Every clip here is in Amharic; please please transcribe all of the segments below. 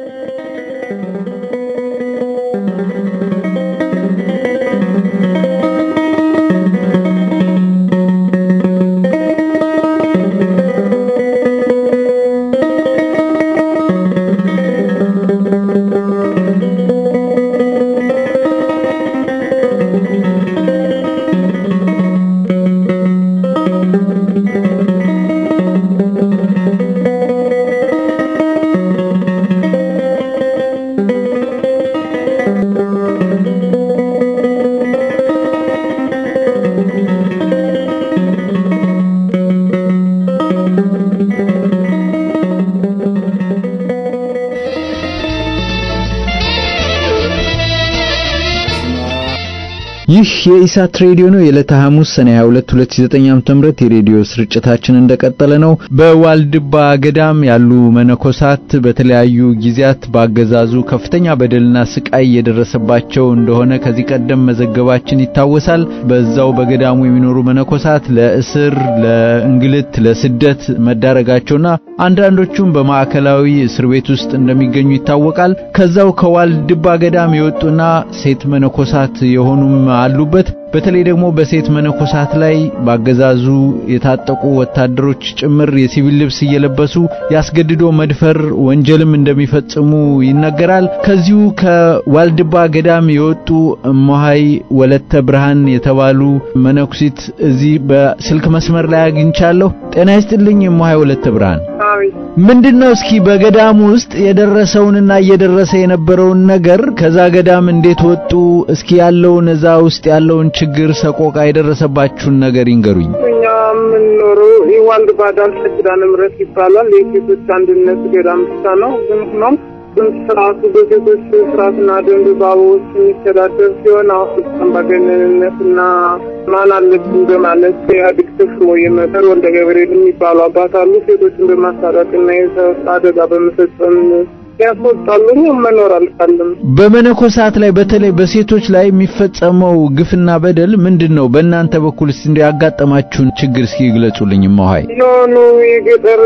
you ይህ የኢሳት ሬዲዮ ነው። የዕለተ ሐሙስ ሰኔ 22 2009 ዓ.ም የሬዲዮ ስርጭታችን እንደቀጠለ ነው። በዋልድባ ገዳም ያሉ መነኮሳት በተለያዩ ጊዜያት ባገዛዙ ከፍተኛ በደልና ስቃይ የደረሰባቸው እንደሆነ ከዚህ ቀደም መዘገባችን ይታወሳል። በዛው በገዳሙ የሚኖሩ መነኮሳት ለእስር፣ ለእንግልት፣ ለስደት መዳረጋቸውና አንዳንዶቹም በማዕከላዊ እስር ቤት ውስጥ እንደሚገኙ ይታወቃል። ከዛው ከዋልድባ ገዳም የወጡና ሴት መነኮሳት የሆኑም አሉበት። በተለይ ደግሞ በሴት መነኮሳት ላይ ባገዛዙ የታጠቁ ወታደሮች ጭምር የሲቪል ልብስ እየለበሱ ያስገድዶ መድፈር ወንጀልም እንደሚፈጽሙ ይነገራል። ከዚሁ ከዋልድባ ገዳም የወጡ እመሃይ ወለተ ብርሃን የተባሉ መነኩሲት እዚህ በስልክ መስመር ላይ አግኝቻለሁ። ጤና ይስጥልኝ እመሃይ ወለተ ብርሃን። ምንድነው? እስኪ በገዳም ውስጥ የደረሰውንና እየደረሰ የነበረውን ነገር ከዛ ገዳም እንዴት ወጡ? እስኪ ያለውን እዛ ውስጥ ያለውን ችግር፣ ሰቆቃ የደረሰባችሁን ነገር ይንገሩኝ። እኛ የምንኖረው የዋልድባዳል ሰግዳነ ምሕረት ይባላል። የሴቶች አንድነት ገዳም ብቻ ነው። ግን ሆኖም ደንብ ስርዓቱ በሴቶች ስርዓትና ደንብ ባቦች የሚተዳደር ሲሆን አሁን በገነንነትና ማን አለብን በማለት ኢህአዴግ ተሽሞ የመጠር ወልደ ገብርኤል የሚባሉ አባት አሉ። ሴቶችን በማሳረቅና የሰብ አደጋ በመፈጸም መኖር አልፈልም። በመነኮሳት ላይ በተለይ በሴቶች ላይ የሚፈጸመው ግፍና በደል ምንድን ነው? በእናንተ በኩል እስቲ እንደ ያጋጠማችሁን ችግር እስኪ ይግለጹልኝ። እማሆይ ኖ ኖ የገጠር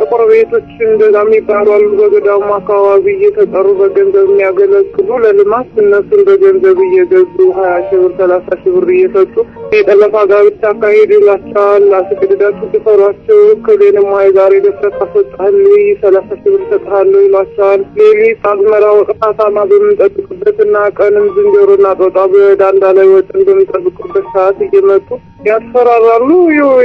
ጥቁር ቤቶች እንደዛ የሚባሉ አሉ። በገዳሙ አካባቢ እየተጠሩ በገንዘብ የሚያገለግሉ ለልማት እነሱን በገንዘብ እየገዙ ሀያ ሺህ ብር ሰላሳ ሺህ ብር እየሰጡ የጠለፋ ጋብቻ አካሄዱላቸዋል። አስገድዳችሁ ድፈሯቸው ክሌንም ሀይ ዛሬ ደፍረህ ካስወጣህልኝ ሰላሳ ሺህ ብር እሰጥሃለሁ ይሏቸዋል። ሌሊት አዝመራ ወቅጣታ በምንጠብቅበትና ቀንም ዝንጀሮና ጦጣ በዳንዳ ላይ ወጥን በምንጠብቅበት ሰዓት እየመጡ ያስፈራራሉ።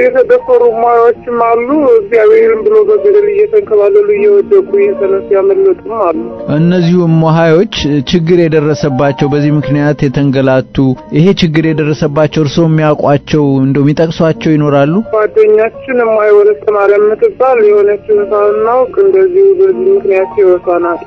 የተደፈሩ ሙያዎችም አሉ። እግዚአብሔርም ብሎ በገደል እየተንከባለሉ እየወደቁ እየተነሱ ያመለጡም አሉ። እነዚሁም ሙሃዮች ችግር የደረሰባቸው በዚህ ምክንያት የተንገላቱ ይሄ ችግር የደረሰባቸው እርስዎ የሚያውቋቸው እንደ የሚጠቅሷቸው ይኖራሉ? ጓደኛችን ሙሃይ ማርያም የምትባል የሆነችን ሳናውቅ እንደዚሁ በዚህ ምክንያት ይወቷል ሕፃናት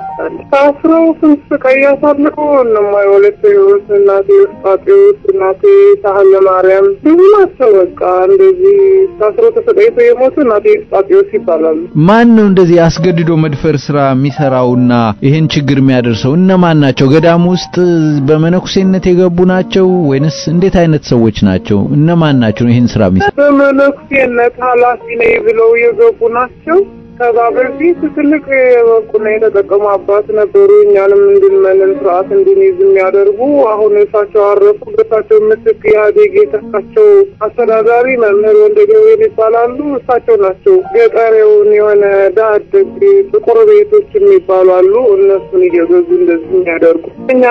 ታስረው ስንት ስቃይ ያሳለፉ እነማይ ወለቴዎስ፣ እናቴ ውስጣጤዎስ፣ እናቴ ሳህለ ማርያም ብዙ ናቸው። በቃ እንደዚህ ታስረው ተሰቃይቶ የሞቱ እናቴ ውስጣጤዎስ ይባላሉ። ማን ነው እንደዚህ አስገድዶ መድፈር ስራ የሚሰራውና ይህን ችግር የሚያደርሰው እነማን ናቸው? ገዳም ውስጥ በመነኩሴነት የገቡ ናቸው ወይንስ እንዴት አይነት ሰዎች ናቸው? እነማን ናቸው ይህን ስራ የሚሰራ በመነኩሴነት ኃላፊ ነኝ ብለው የገቡ ናቸው ከዛ በፊት ትልቅ ቁና የተጠቀሙ አባት ነበሩ። እኛንም እንድንመንን ስርዓት እንድንይዝ የሚያደርጉ አሁን እሳቸው አረፉ። በእሳቸው ምትክ ኢህአዴግ የተካቸው አስተዳዳሪ መምህር ገብርኤል ይባላሉ። እሳቸው ናቸው ገጠሬውን የሆነ ዳደግ ጥቁር ቤቶች የሚባሉ አሉ። እነሱን እየገዙ እንደዚህ የሚያደርጉ እኛ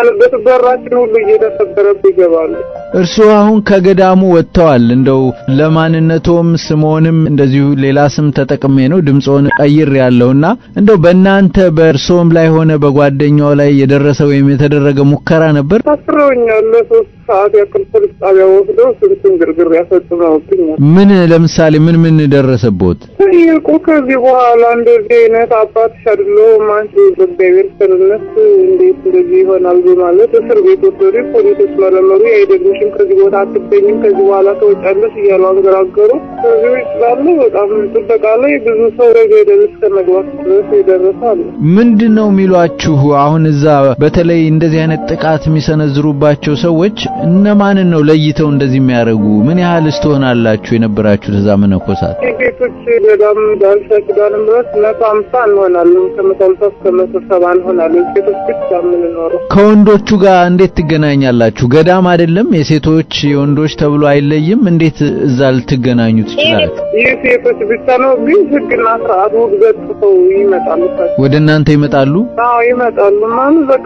በራችን ሁሉ እየተሰበረብ ይገባሉ። እርስዎ አሁን ከገዳሙ ወጥተዋል። እንደው ለማንነቶም ስምዎንም እንደዚሁ ሌላ ስም ተጠቅሜ ነው ድምፆን ቀይር ያለውና እንደው በእናንተ በእርሶም ላይ ሆነ በጓደኛው ላይ የደረሰ ወይም የተደረገ ሙከራ ነበር? ታስረውኛል ለሶስት ሰዓት ያክል ፖሊስ ጣቢያ ወስደው ስልኩን ግርግር ያሰጥመውብኝ። ምን ለምሳሌ ምን ምን ደረሰቦት? ጠየቁ። ከዚህ በኋላ እንደዚህ አይነት አባት አይደለሁም አንቺ በእግዚአብሔር ቸርነት እንዴት እንደዚህ ይሆናል በማለት እስር ቤት ወሰዱ። ፖሊሶች መረመሩ። አይደግምሽም፣ ከዚህ ቦታ አትገኝም፣ ከዚህ በኋላ ተወጫለሽ እያሉ አንገራገሩ። ከዚህ ውጭ ላለ በጣም ጥበቃ ላይ ብዙ ሰው ገደል እስከ መግባት ድረስ ይደረሳል። ምንድን ነው የሚሏችሁ አሁን እዛ በተለይ እንደዚህ አይነት ጥቃት የሚሰነዝሩባቸው ሰዎች እነማንን ነው ለይተው እንደዚህ የሚያደርጉ? ምን ያህልስ ትሆናላችሁ የነበራችሁ ተዛ መነኮሳት? ጌቶች ገዳም ዳንሰ ኪዳንም ድረስ መቶ ሀምሳ እንሆናለን። ከመቶ ሀምሳ እስከ መቶ ሰባ እንሆናለን። ሴቶች ብቻ የምንኖረው። ከወንዶቹ ጋር እንዴት ትገናኛላችሁ? ገዳም አይደለም የሴቶች የወንዶች ተብሎ አይለይም። እንዴት እዛ ልትገናኙ ትችላለች? ይህ ሴቶች ብቻ ነው፣ ግን ህግና ስርዓቱ ህግዘት ሰው ይመጣሉ። ወደ እናንተ ይመጣሉ? አዎ ይመጣሉ። ማን በቃ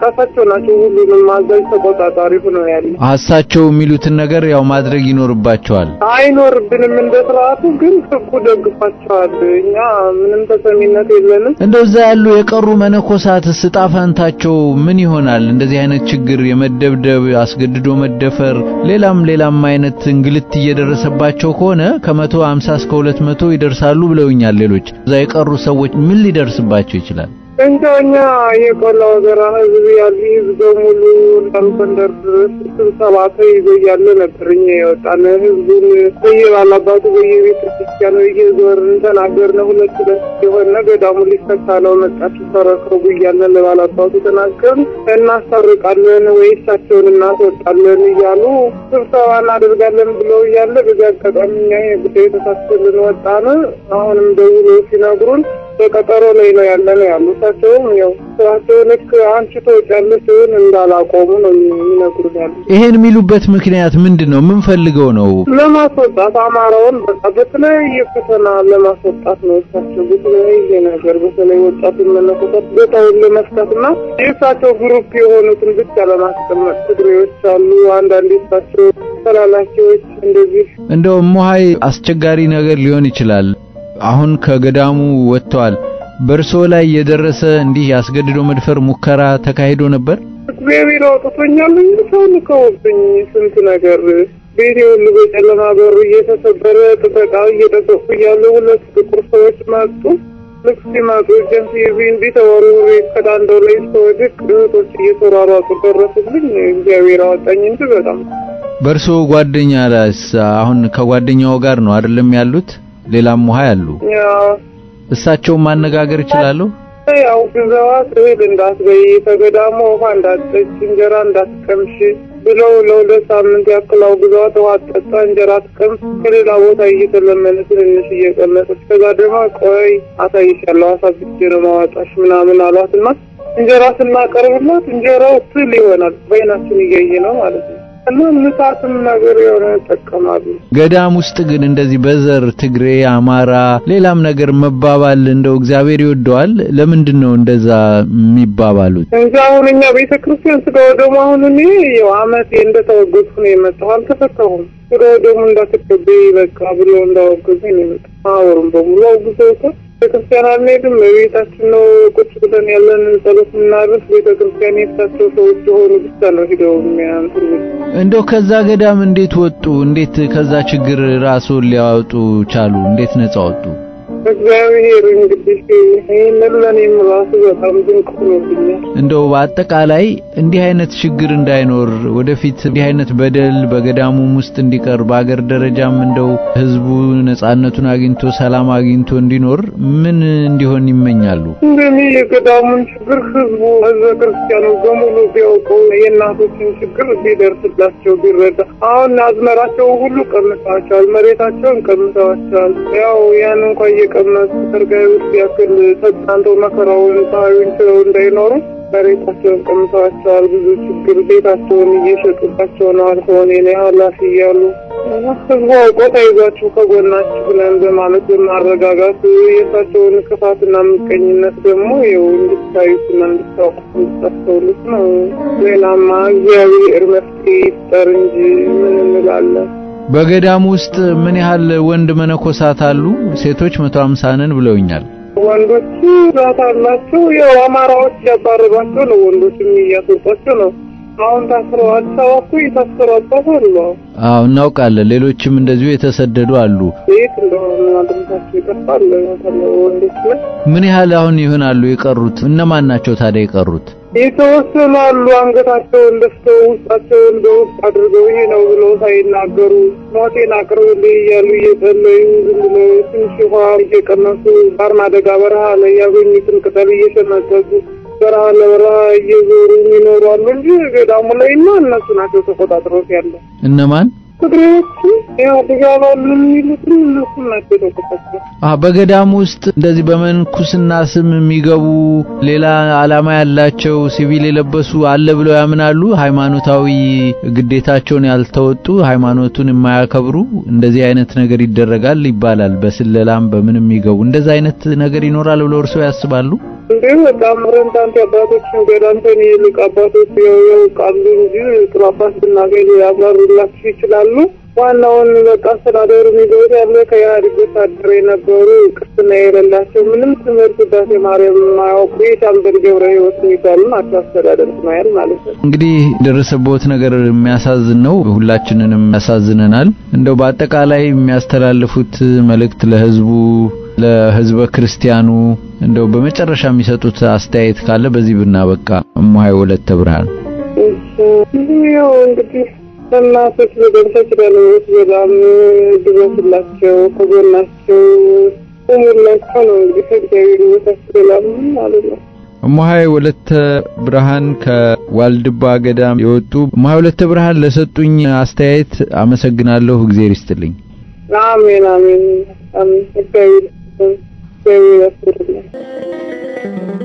ናቸው ሁሉንም አዛዥ ተቆጣጣሪ ሆነው ያለ እሳቸው የሚሉትን ነገር ያው ማድረግ ይኖርባቸዋል። አይኖርብንም እንደ ስርዓቱ ግን ህጉ ደግፋቸዋል። እኛ ምንም ተሰሚነት የለንም። እንደዛ ያሉ የቀሩ መነኮሳት ስጣፋንታቸው ፈንታቸው ምን ይሆናል? እንደዚህ አይነት ችግር የመደብደብ አስገድዶ መደፈር፣ ሌላም ሌላም አይነት እንግልት እየደረሰባቸው ከሆነ ከመቶ ሃምሳ እስከ ሁለት መቶ ይደርሳሉ ብለውኛል። ሌሎች እዛ የቀሩ ሰዎች ምን ሊደርስባቸው ይችላል? እንደኛ የቆላ ወገራ ህዝብ ያሉ ህዝብ በሙሉ እስከጎንደር ድረስ ስብሰባ ተይዞ እያለ ነበር። እኛ የወጣን ህዝቡን በየባላባቱ በየቤተ ክርስቲያኑ እየዞርን ተናገርን። ሁለት ሁለት የሆነ ገዳሙ ሊፈታ ነው መጣችሁ ተረከቡ እያለ ለባላባቱ ተናገርን። እናስታርቃለን ወይ እሳቸውን እናስወጣለን እያሉ ስብሰባ እናደርጋለን ብለው እያለ በዚህ አጋጣሚ እኛ ጉዳይ ተሳስልን ወጣን። አሁንም ደውሎ ሲነግሩን በቀጠሮ ላይ ነው ያለ ነው ያሉ። እሳቸውም ያው ስራቸው ልክ አንቺ ተወጫለሽ እንዳላቆሙ ነው ይነግሩን ያሉ። ይሄን የሚሉበት ምክንያት ምንድን ነው? ምን ፈልገው ነው? ለማስወጣት አማራውን በቃ በተለያየ ፈተና ለማስወጣት ነው እሳቸው። በተለያየ ነገር በተለይ ወጣቱ መለከታት ቦታውን ለመፍታት እና የእሳቸው ግሩፕ የሆኑትን ብቻ ለማስቀመጥ ትግሬዎች አሉ አንዳንድ የእሳቸው ተላላኪዎች እንደዚህ እንደው ሞሀይ አስቸጋሪ ነገር ሊሆን ይችላል አሁን ከገዳሙ ወጥቷል። በርሶ ላይ የደረሰ እንዲህ ያስገድዶ መድፈር ሙከራ ተካሂዶ ነበር? እግዚአብሔር አውጥቶኛል። ሰውን ከወብኝ ስንት ነገር ቤቴ ሁሉ በጨለማ በሩ እየተሰበረ ጥበቃ እየጠበቁ እያለ ሁለት ጥቁር ሰዎች መጡ። ልክ ሲመጡ ጀንስ ይዚ እንዲ ተወርውሬ ከዳንደው ላይ ሰወድቅ እህቶች እየተሯሯጡ ደረሱልኝ። እግዚአብሔር አወጣኝ እንጂ በጣም በእርሶ ጓደኛ ላይ አሁን ከጓደኛው ጋር ነው አይደለም ያሉት? ሌላም ውሃ ያሉ እሳቸው ማነጋገር ይችላሉ። ያው ገንዘባ ስብል እንዳትበይ ተገዳሞ ውሃ እንዳትጠጪ እንጀራ እንዳትቀምሽ ብለው ለሁለት ሳምንት ያክል አውግዘዋት ውሃ አትጠጣ እንጀራ አትቀምስ ከሌላ ቦታ እየተለመነ ትንንሽ እየቀነሰች ከዛ ደግሞ ቆይ አሳይሻለሁ አሳብቼ ነው ማዋጣሽ ምናምን አሏትና እንጀራ ስናቀርብላት እንጀራው ትል ይሆናል በዓይናችን እያየ ነው ማለት ነው። ምሳትም ነገር የሆነ ይጠቀማሉ። ገዳም ውስጥ ግን እንደዚህ በዘር ትግሬ፣ አማራ፣ ሌላም ነገር መባባል እንደው እግዚአብሔር ይወደዋል። ለምንድን ነው እንደዛ የሚባባሉት? እንጂ አሁን እኛ ቤተ ክርስቲያን ስጋ ወደሙ አሁን እኔ ያው አመት እንደተወገዝኩ ነው የመጣሁ። አልተፈታሁም። ስጋ ወደሙ እንዳትገቢ በቃ ብሎ እንዳወገዙ ነው የመጣሁ። አወሩም በሙሉ አውግዘውታል። ቤተክርስቲያን ነው ቁጭ ብለን ያለን ጸሎት የምናደርስ። ቤተክርስቲያን ሰዎች የሆኑ ብቻ ነው ሂደው እንደው ከዛ ገዳም እንዴት ወጡ? እንዴት ከዛ ችግር ራሱን ሊያወጡ ቻሉ? እንዴት ነጻ ወጡ? እግዚአብሔር እንግዲህ ይህንን ለእኔም ራሱ በጣም ድንቅ ሆኖብኛል። እንደው በአጠቃላይ እንዲህ አይነት ችግር እንዳይኖር ወደፊት እንዲህ አይነት በደል በገዳሙም ውስጥ እንዲቀር በአገር ደረጃም እንደው ህዝቡ ነጻነቱን አግኝቶ ሰላም አግኝቶ እንዲኖር ምን እንዲሆን ይመኛሉ? እንደኔ የገዳሙን ችግር ህዝቡ ህዝበ ክርስቲያኑ በሙሉ ቢያውቀው የእናቶችን ችግር ቢደርስላቸው ቢረዳ። አሁን አዝመራቸው ሁሉ ቀምሰዋቸዋል፣ መሬታቸውን ቀምሰዋቸዋል። ያው ያን እንኳ የተቀመጡ ተርጋይ ውስጥ ያክል ተጽናንተው መከራውን ፀሐዩን ችለው እንዳይኖሩ መሬታቸውን ቀምተዋቸዋል። ብዙ ችግር ቤታቸውን እየሸጡባቸው ነው። አልሆን ኔ ኃላፊ እያሉ ህዝቡ አውቆ ተይዟችሁ ከጎናችሁ ብለን በማለት በማረጋጋት የእሳቸውን ክፋትና ምቀኝነት ደግሞ ው እንድታዩትና እንድታውቁ እንድታስተውሉት ነው። ሌላማ እግዚአብሔር መፍትሄ ይፍጠር እንጂ ምን እንላለን? በገዳም ውስጥ ምን ያህል ወንድ መነኮሳት አሉ? ሴቶች 150 ነን ብለውኛል። ወንዶች ብዛት አላቸው። ያው አማራዎች ያባረሯቸው ነው። ወንዶች እያስወጧቸው ነው። አሁን ታስረው አዲስ አበባ እኮ የታሰሯቸው አሉ። አዎ እናውቃለን። ሌሎችም እንደዚሁ የተሰደዱ አሉ። ቤት እንደሆነ አድርጋቸው ይጠፋል። ወንዶች ምን ያህል አሁን ይሆናሉ የቀሩት? እነማን ናቸው ታዲያ የቀሩት? የተወሰናሉ አሉ አንገታቸውን ደፍተው ውስጣቸውን በውስጥ አድርገው ይሄ ነው ብለው ሳይናገሩ ሞቴን አቅርብልኝ እያሉ እየጸለዩ ዝም ብሎ ትንሽ ውሃ እየቀመሱ ባር ማደጋ በረሃ ላይ ያገኙትን ቅጠል እየሸመጠጡ በረሃ ለበረሃ እየዞሩ የሚኖሩ እንጂ ገዳሙ ላይ እና እነሱ ናቸው ተቆጣጥሮት ያለ እነማን በገዳም ውስጥ እንደዚህ በመንኩስና ስም የሚገቡ ሌላ ዓላማ ያላቸው ሲቪል የለበሱ አለ ብለው ያምናሉ። ሃይማኖታዊ ግዴታቸውን ያልተወጡ ሃይማኖቱን የማያከብሩ እንደዚህ አይነት ነገር ይደረጋል ይባላል። በስለላም በምን የሚገቡ እንደዚህ አይነት ነገር ይኖራል ብለው እርስዎ ያስባሉ? እንዲሁ እንደ ታንቲ አባቶች ገዳንተን ይልቅ አባቶች ቃሉ እንጂ ጥራፋት ብናገኝ ሊያብራሩላችሁ ይችላሉ። ዋናውን በቃ አስተዳደሩ ሚዘት ያለ ከኢህአዴግ ወታደር የነበሩ ቅስና የሌላቸው ምንም ትምህርት ዳሴ ማርያም የማያውቁ የሻምበል ገብረ ህይወት የሚባሉ ናቸው። አስተዳደር ስማያል ማለት ነው። እንግዲህ ደረሰቦት ነገር የሚያሳዝን ነው። ሁላችንንም ያሳዝነናል። እንደው በአጠቃላይ የሚያስተላልፉት መልእክት ለህዝቡ ለህዝበ ክርስቲያኑ እንደው በመጨረሻ የሚሰጡት አስተያየት ካለ በዚህ ብናበቃ። እማሆይ ወለተ ብርሃን እናቶች በደንብ ተደለውት በጣም ከጎናቸው ቁሙላቸው ነው እንግዲህ ከእግዚአብሔር ማለት ነው። ወለተ ብርሃን ከዋልድባ ገዳም የወጡ እማሆይ ወለተ ብርሃን ለሰጡኝ አስተያየት አመሰግናለሁ። እግዚአብሔር ይስጥልኝ። አሜን አሜን አሜን። Gracias.